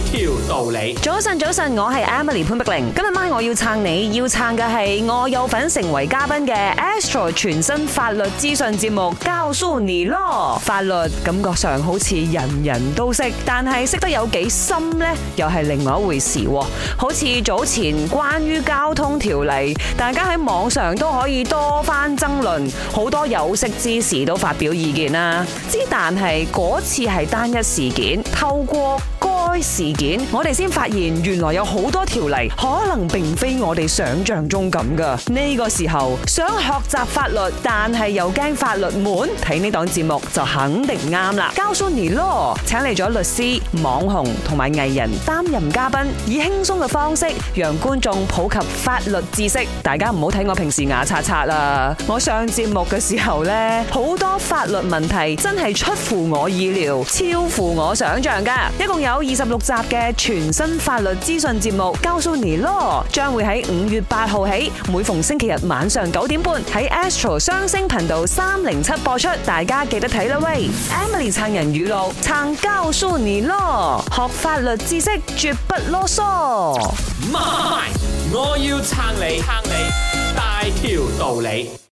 條道理。早晨，早晨，我係 Emily 潘碧玲。今日晚我要撐你，要撐嘅係我有份成為嘉賓嘅 Astro 全新法律資訊節目《教 SUNNY 咯》。法律感覺上好似人人都識，但係識得有幾深呢？又係另外一回事。好似早前關於交通條例，大家喺網上都可以多番爭論，好多有識之士都發表意見啦。之但係嗰次係單一事件，透過。事件，我哋先發現原來有好多條例可能並非我哋想象中咁噶。呢個時候想學習法律，但係又驚法律悶，睇呢檔節目就肯定啱啦。教書尼羅請嚟咗律師、網紅同埋藝人擔任嘉賓，以輕鬆嘅方式讓觀眾普及法律知識。大家唔好睇我平時牙擦擦啦，我上節目嘅時候呢，好多法律問題真係出乎我意料，超乎我想象噶。一共有二十。十六集嘅全新法律資訊節目《教書尼咯》a w 將會喺五月八號起，每逢星期日晚上九點半喺 Astro 雙星頻道三零七播出，大家記得睇啦喂！Emily 撐人語錄，撐教書尼咯！a 學法律知識絕不囉嗦。媽咪，我要撐你，撐你大條道理。